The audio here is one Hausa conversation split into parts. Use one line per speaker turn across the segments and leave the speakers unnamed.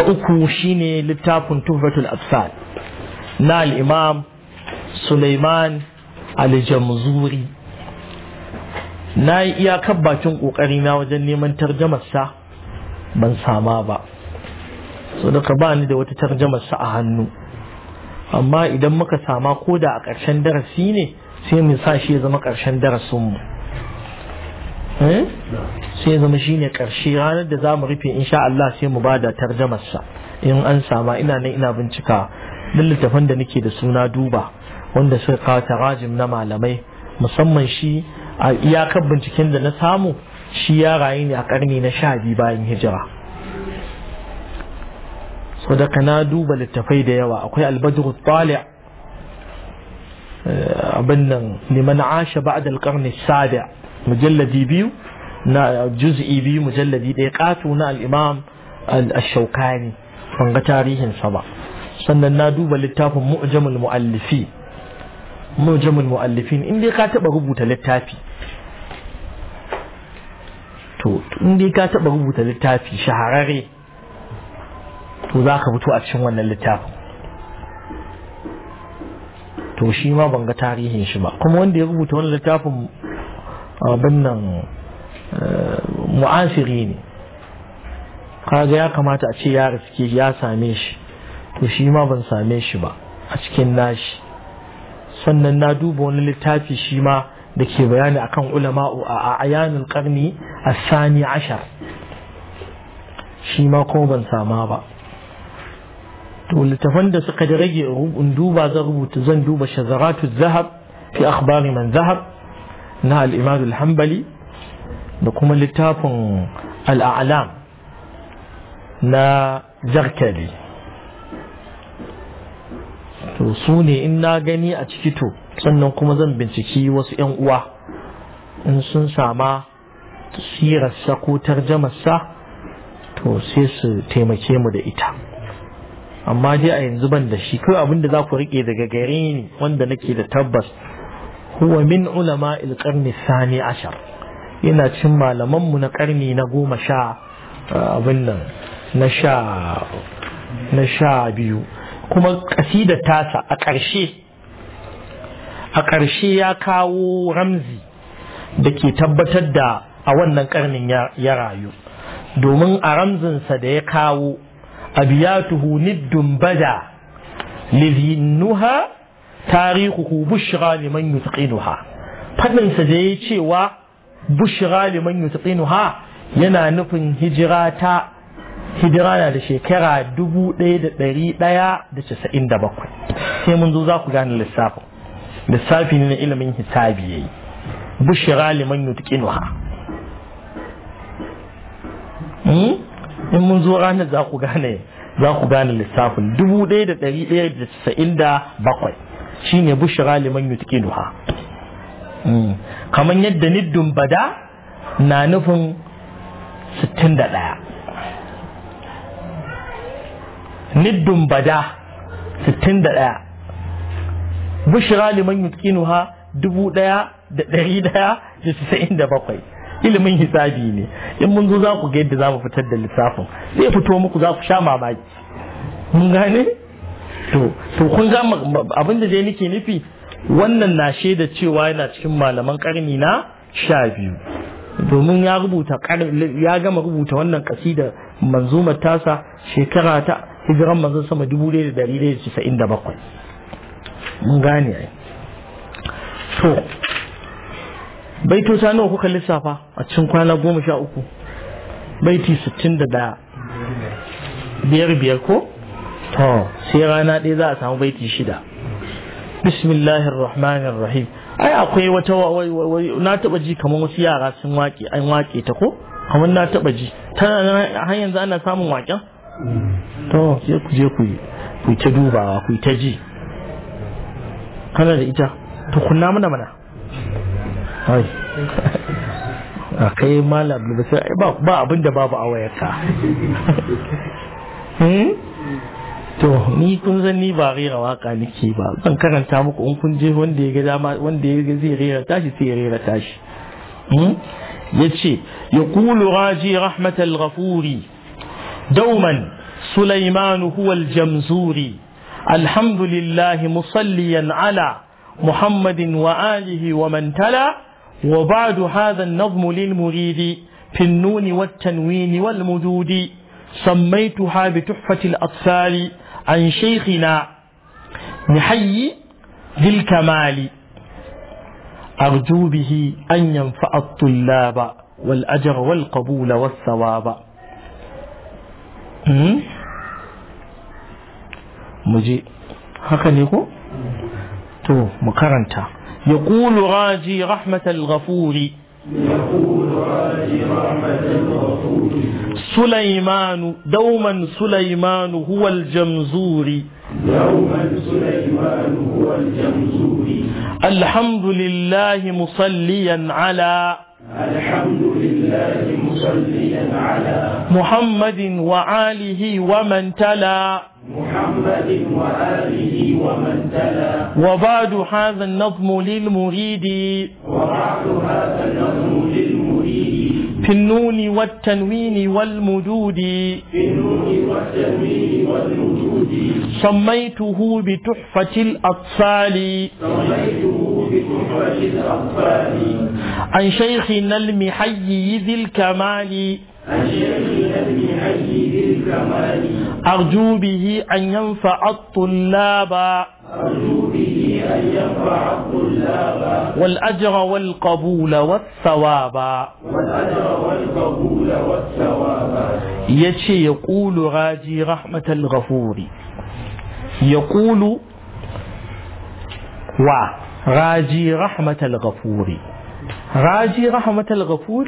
ta uku shine littafin tuhfatul absal na al-imam Sulaiman al-Jamzuri na yi iyakar bakin ƙoƙari na wajen neman tarjamarsa, ban sama ba so daga ba ni da wata tarjamarsa a hannu amma idan muka sama ko da a ƙarshen darasi ne sai mu sa shi ya zama ƙarshen darasin mu Eh? sai zama shine karshe ranar da za mu rufe insha Allah sai mu ba da tarjamarsa in an sama ina nan ina bincika duk littafan da nake da suna duba wanda suka kawo tarajim na malamai musamman shi a iyakar binciken da na samu shi ya rayu ne a karni na sha biyu bayan hijira so na duba littafai da yawa akwai albadru tali eh, abin nan liman asha ba'da karni sada. mujalladi biyu na juz'i biyu mujalladi ɗaya ƙato na al'imam al-shaukani ban ga tarihinsa ba sannan na duba littafin mu'jamul mu'allifi mu'jamul mu'allifin in dai ka taɓa rubuta littafi to in ka taɓa rubuta littafi shahararre to za ka fito a cikin wannan littafin to shi ma ban ga tarihin shi ba kuma wanda ya rubuta wannan littafin abin nan eh, mu'asiri ne kaga ya kamata a ce ya riske ya same shi to shi ma ban same shi ba a cikin nashi sannan na duba wani littafi shi ma da ke bayani akan ulama'u a ayanin karni a sani ashar shi ma kuma ban sama ba to littafan da suka rage in duba zan rubuta zan duba shazaratu zahar fi akhbari man zahab na al'imadu alhambali da kuma littafin al'alam na jarkali to su ne in na gani a ciki to sannan kuma zan binciki wasu 'yan uwa in sun sama sirarsa ko tarjamarsa to sai su taimake mu da ita amma dai a yanzu ban da shi kawai abinda za ku riƙe daga gare ni wanda nake da tabbas huwa min ulama ilƙarni sani ashar yana cin malamanmu na ƙarni na goma sha abin nan na sha na sha biyu kuma ƙasida tasa a ƙarshe a ƙarshe ya kawo ramzi da ke tabbatar da a wannan ƙarnin ya rayu domin a ramzinsa da ya kawo abiyatuhu niddun bada lizinuha tarihuhu bushra liman yutqinuha fadin sa da yayi cewa bushra liman yutqinuha yana nufin hijira ta hijira na da shekara 1197 sai mun zo za ku gane lissafin lissafi ne na ilimin hisabi yayi bushra liman yutqinuha hmm? in mun zo ranar za ku gane za ku gane lissafin 1197 shine bushra liman yutqinuha hmm. kamar yadda niddun bada na nufin 61 niddun bada 61 bushra liman yutqinuha 1197 ilimin hisabi ne in mun zo za ku ga yadda za mu fitar da lissafin zai fito muku za ku sha mamaki mun gane to to kun ga abin da dai nake nufi wannan na shaida cewa yana cikin malaman karni na sha biyu domin ya rubuta ya gama rubuta wannan kasida manzumar tasa shekara ta hijiran manzon sama 1997 mun gane ai to baitota nawa kuka lissafa a cikin kwana goma sha uku baiti sittin da daya biyar biyar ko to sai rana ɗaya za a samu baiti shida bismillahir rahmanir rahim ai akwai wata na taba ji kamar wasu yara sun waƙe an waƙe ta ko kamar na taba ji tana har yanzu ana samun waken to sai ku je ku ku ta dubawa ku ta ji kana da ita to kunna mana mana ai a kai malam ba ba abinda babu a wayarka hmm? to ni kun san ni ba rera waka nake ba zan karanta muku in kun je wanda ya ga dama wanda ya ga zai rera tashi sai ya rera tashi yace yaqulu raji rahmatal ghafuri dauman sulaiman huwa al jamzuri alhamdulillah musalliyan ala muhammadin wa alihi wa man tala wa ba'du hadha an-nazmu lil muridi fi an-nuni في النون wal mududi. سميتها بتحفة الأطفال عن شيخنا نحيي ذي الكمال أرجو به أن ينفع الطلاب والأجر والقبول والثواب مجي هكا يقول تو مكرنتا يقول راجي رحمة الغفور سليمان دوما سليمان هو الجمزور دوما سليمان هو الجمزور الحمد لله مصليا على الحمد لله مصليا على الحمد لله
مصليا على
محمد وآله ومن تلا محمد وآله ومن تلا وبعد هذا النظم للمريد وبعد هذا النظم للمريد في النون والتنوين والمدود في النون والتنوين سميته بتحفة الأطفال سميته بتحفة الأطفال عن شيخنا المحيي ذي الكمال أرجو به أن ينفع الطلاب أرجو به والأجر والقبول والثواب والأجر والقبول والثواب يتشي يقول راجي رحمة الغفور يقول و راجي رحمة الغفور راجي رحمة الغفور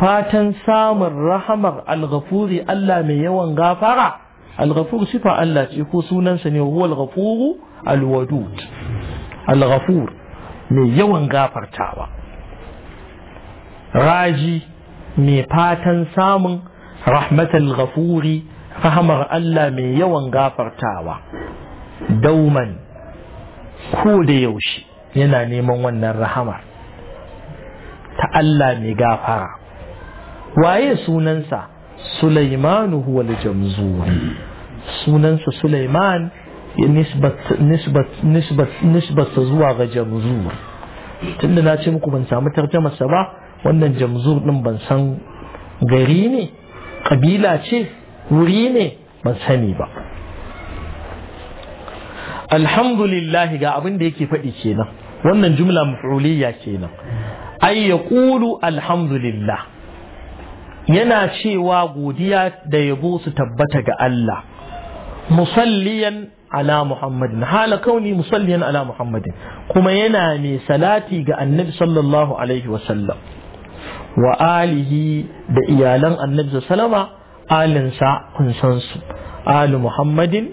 باتن سامر رحمة الغفور ألا ميوان غافرة الغفور صفة ألا تيكو سونا سنه هو الغفور الودود al-ghafur mai yawan gafartawa raji mai fatan samun rahmatal ghafuri rahamar Allah mai yawan gafartawa dauman ko da yaushe yana neman wannan rahamar ta Allah mai gafara waye sunansa Sulaimanu huwal jamzuri sunansa Sulaiman nisbat zuwa ga jamzur tunda na ce muku ban samu sa ba wannan jamzur din ban san gari ne kabila ce wuri ne ban sani ba alhamdulillahi ga abin da yake faɗi kenan wannan jumla maf'uliyya kenan ay yaqulu alhamdulillah yana cewa godiya da yabo su tabbata ga Allah musalliyan ala muhammadin hala kauni musalliyan ala muhammadin kuma yana mai salati ga annabi sallallahu alaihi wasallam wa alihi da iyalan annabi sallama alinsa kun san su alu muhammadin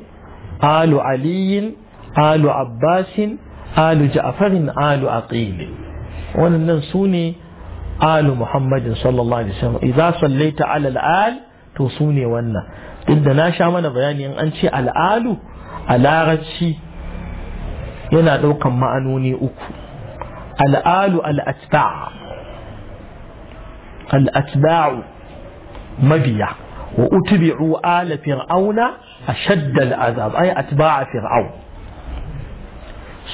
alu aliyin alu abbasin alu ja'farin alu aqil wannan su ne alu muhammadin sallallahu alaihi wasallam idza sallaita alal al to sune wannan duk da na sha mana bayani in an ce al'alu a yana ɗaukan ma'anoni uku al'alu al'atba'u al'atba'u mabiya wa utbi'u ala fir'auna ashadda al'azab ay atba'a fir'aun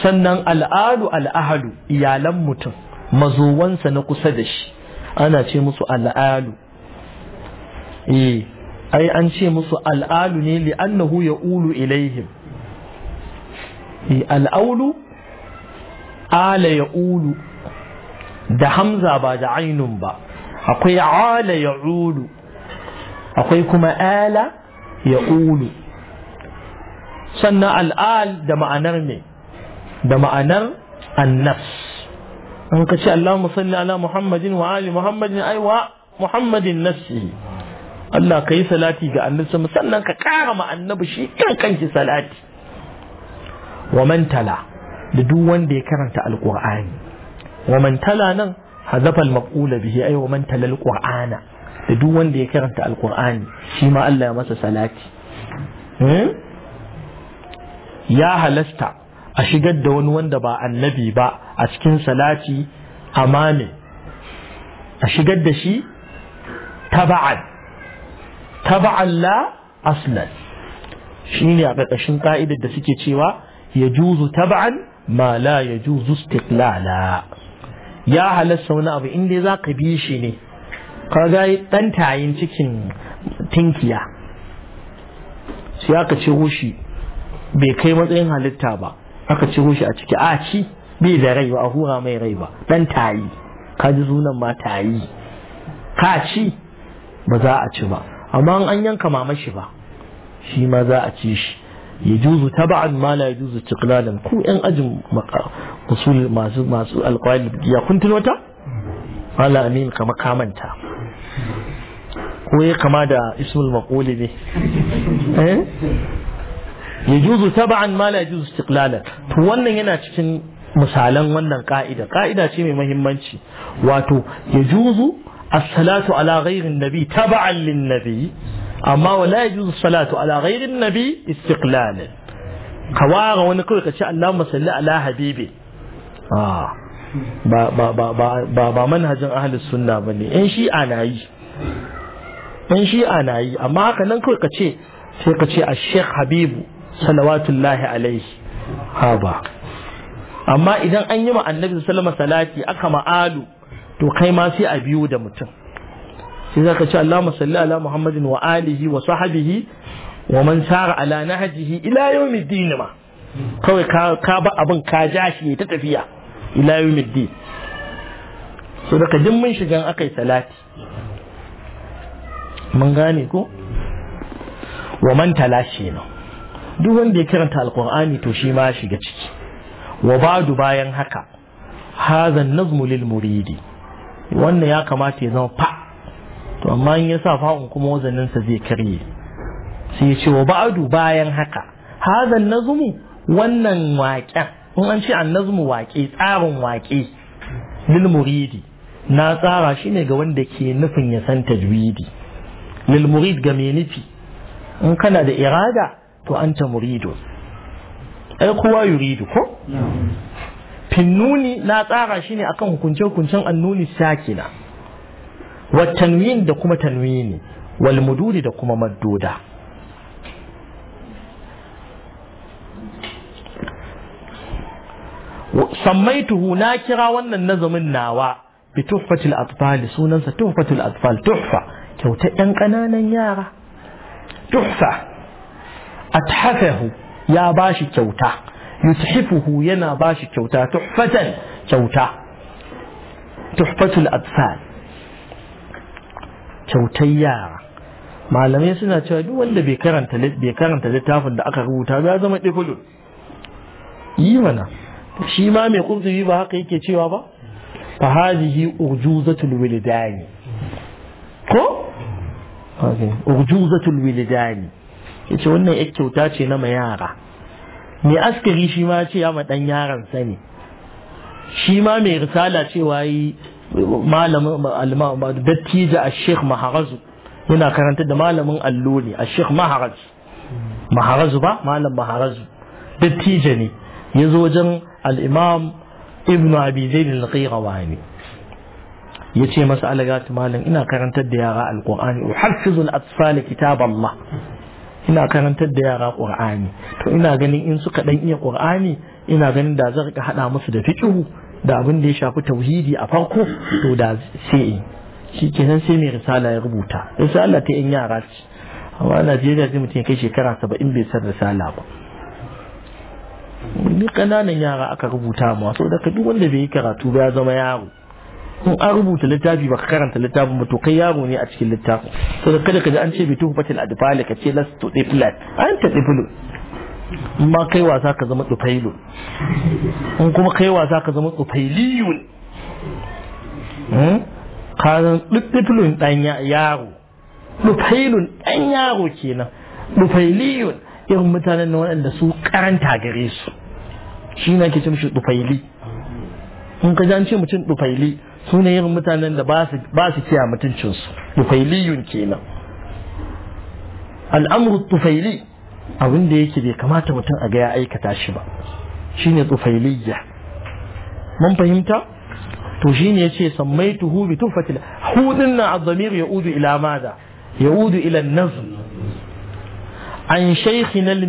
sannan al'alu al'ahalu iyalan mutum mazuwansa na kusa da shi ana ce musu al'alu eh ai an ce musu al'alu ne li'annahu ya ulu ilaihim al'aulu ala ya ulu da hamza ba da ainun ba akwai ala ya ulu akwai kuma ala ya ulu sannan al'al da ma'anar ne da ma'anar annas an ka ce Allahumma salli ala Muhammadin wa ali Muhammadin aiwa, wa Muhammadin nafsihi Allah ka yi salati ga annabi sannan ka ƙara ma annabi shi kan kanki salati wa man tala da duk wanda ya karanta alqur'ani wa man tala nan hazafa almaqula bihi ay wa man tala alqur'ana da duk wanda ya karanta alqur'ani shi ma Allah ya masa salati hmm? ya halasta a shigar da wani wanda ba annabi ba a cikin salati amane a shigar da shi taba'an تبعا لا أصلا شيني أقشن قائدة دسكي تشيوا يجوز تبعا ما لا يجوز استقلالا يا هل السونا أبو إندي ذاك بيشيني قرقاي تنتعين تكين تنكيا سياقة تشيوشي bai kai matsayin halitta ba aka ciro shi a ciki a ci bai da rai ba a hura mai rai ba dan tayi ka ji sunan ma tayi ka ci ba za a ci ba amma an yanka mama shi ba shi ma za a ci shi ya juzu an mala ya juzu tiqlalan ku yan ajin usul masu masu alkwali ya kun tuno ta mala amin kama kamanta ko ya kama da ismul makoli ne eh? ya juzu an mala ya juzu tiqlalan to wannan yana cikin misalan wannan ka'ida ka'ida ce mai muhimmanci wato ya juzu as-salatu ala ghairin nabi taba'an lin nabi amma wala yajuzu salatu ala ghairin nabi istiqlalan ka wara wani kawai ka ce Allahumma salli ala habibi ah, ba ba ba ba ba manhajin ahlus sunna bane in shi'a na yi in shi'a na yi amma haka nan kawai ka ce sai ka ce a sheikh habibu salawatullahi alaihi ha ba amma idan an yi ma annabi sallama salati aka ma'alu to kai ma sai a biyu da mutum sai ka ce Allah salli ala Muhammadin wa alihi wa sahabihi wa man sara ala nahjihi ila yawmiddin ma kawai ka ba abin ka ja shi ta tafiya ila din. so daga duk mun aka akai salati mun gane ko wa man talashi ne duk wanda ya karanta alqur'ani to shi ma shiga ciki wa ba'du bayan haka hadha an-nazmu lil muridi wannan ya kamata ya zama fa to amma in ya sa fa'un kuma wazanin sa zai karye sai ya ce wa ba'adu bayan haka hadan nazmu wannan waƙen in an ce nazmu waƙe tsarin waƙe lil muridi na tsara shi ne ga wanda ke nufin ya san tajwidi lil murid ga mai nufi in kana da irada to anta muridu ai kowa yuridu ko finnuni na tsara shi ne akan hukunce-hukuncen annuni sakina wa tanwin da kuma tanwini wal mududi da kuma madduda sammaituhu na kira wannan nazamin nawa bi tuhfatil atfal sunan sa tuhfatil atfal tuhfa kyauta ɗan ƙananan yara tuhfa athafahu ya bashi kyauta yushifuhu yana bashi kyauta tuhfatan kyauta tuhfatul atfal kyautar yara malamai suna cewa duk wanda bai karanta littafin da aka rubuta ya zama difulun yi mana shi ma mai kurtubi ba haka yake cewa ba fa hadhihi urjuzatul wilidani ko urjuzatul wilidani wannan kyauta ce na ma yara mai askari shi ma ce ya maɗan yaran sani ne shi ma mai risala cewa yi malamin Dattija a sheikh maharazu yana karanta da malamin allo ne a sheikh maharazu maharazu ba malam maharazu Dattija ne ya zo wajen al'imam ibn abi zaid rawa ne ya ce masa alagatu malam ina karantar da yara Al-ƙur'ani, alqur'ani uhaffizul atfal kitab allah ina karantar da yara ƙur'ani to ina ganin in suka ɗan iya ƙur'ani ina ganin da zan rika haɗa musu da fiƙihu da abin da ya shafi tauhidi a farko to da sai shi nan sai mai risala ya rubuta risala ta yan yara ce amma Najeriya zai mutum kai shekara saba'in bai san risala ba ni ƙananan yara aka rubuta ma daga ka duk wanda bai yi karatu ba ya zama yaro in an rubuta littafi baka karanta littafin ba to kai yaro ne a cikin littafin to da kada ka ji an ce bi tuhfatil adfali ka ce lastu diflat an ta diflu in kai wasa ka zama tufailu in kuma kai wasa ka zama hmm? ka zan diflun dan yaro tufailun dan yaro kenan tufailiyun irin mutanen nan waɗanda su karanta gare su shi na ke ce mishi dufaili in ka ji an ce mutum tufaili su ne yin mutanen da ba su kiya mutuncinsu tufailiyun kenan al'amru tufaili abin da yake bai kamata mutum a ga ya aikata shi ba shine tufailiyya mun fahimta to shine yace sammaituhu bi tufatil hudun na azamir yaudu ila mada yaudu ila an an shaykhina al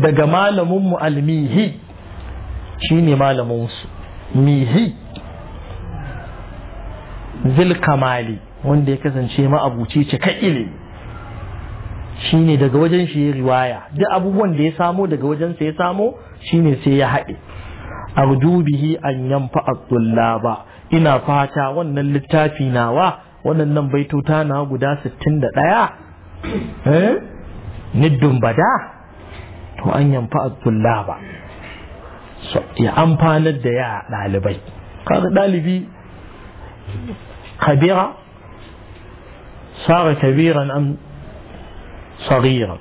daga malamin mu almihi shine malaminsu mihi zil kamali wanda ya kasance ma'abuci cika ilimi shine daga wajen shi riwaya duk abubuwan da ya samo daga wajen sa ya samo shine sai ya haɗe arju bihi an yanfa ba ina fata wannan littafi nawa baito baitota na guda 61 eh niddun bada to an yanfa ba ya amfanar da ya ɗalibai kaga ɗalibi kabira sara kabiran am sarira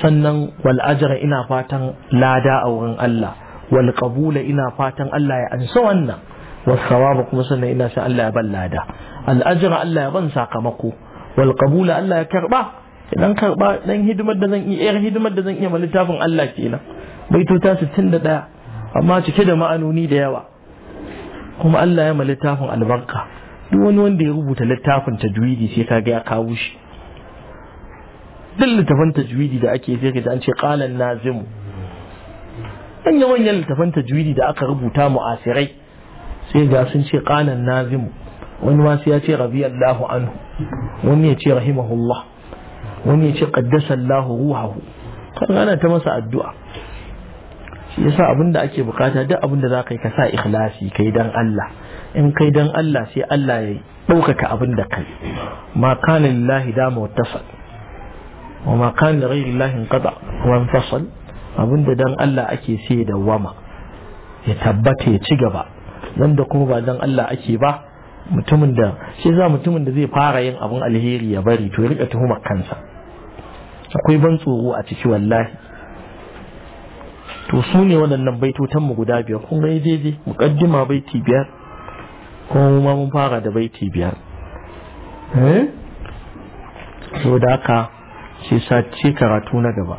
sannan wal ajra ina fatan lada a wurin Allah wal qabula ina fatan Allah ya ansa wannan was sawaba kuma sannan ina san Allah ya ban lada al ajra Allah ya ban sakamako wal qabula Allah ya karba idan karba dan hidimar da zan iya hidimar da zan iya ma littafin Allah kenan baitota 61 amma cike da ma'anoni da yawa kuma Allah ya ma littafin albarka duk wani wanda ya rubuta littafin tajwidi sai kaga ya kawo shi duk littafin tajwidi da ake sai kaji an ce qalan nazimu yi manyan littafin tajwidi da aka rubuta mu'asirai sai ga sun ce qalan nazimu wani wasu ya ce rabi Allahu anhu wani ya ce rahimahullah wani ya ce qaddasa Allahu ruhahu kan ana ta masa addu'a shi yasa abin da ake bukata duk abin da za ka yi ka sa ikhlasi kai dan Allah in kai dan Allah sai Allah ya ɗaukaka abin da kai ma kana lillahi da mutasal wa ma kana li ghayri qada wa infasal abin da dan Allah ake sai da wama ya tabbata ya ci gaba dan da kuma ba dan Allah ake ba mutumin da shi za mutumin da zai fara yin abin alheri ya bari to ya rika tuhumar kansa akwai ban tsoro a ciki wallahi to su ne waɗannan baitotan mu guda biyar Kuma kun gai mu kaddima baiti biyar kuma mu ma mun fara da baiti biyar eh so da haka sai ce karatu na gaba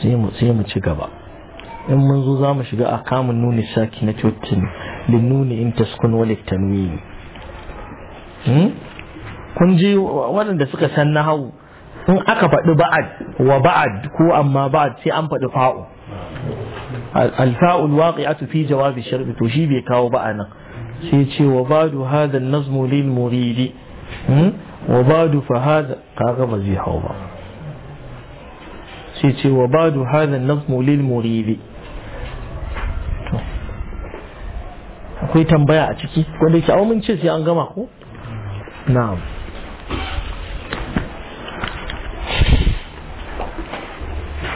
sai mu ci gaba in mun zo za mu shiga a kamun nuni saki na cocin nuni in taskun walik tanwini hmm? kun ji waɗanda suka san na hau in aka faɗi ba'ad wa ba'ad ko amma ba'ad sai an faɗi fa'u alfa'ul waqi'atu fi jawabi sharbi to shi bai kawo ba'a nan sai ce wa badu hadha an-nazmu lil muridi hmm? wa badu fa hadha kaga ba zai hawo ba sai ce wa badu hadha an-nazmu lil muridi akwai tambaya a ciki wanda ke mun ce sai an gama ko na'am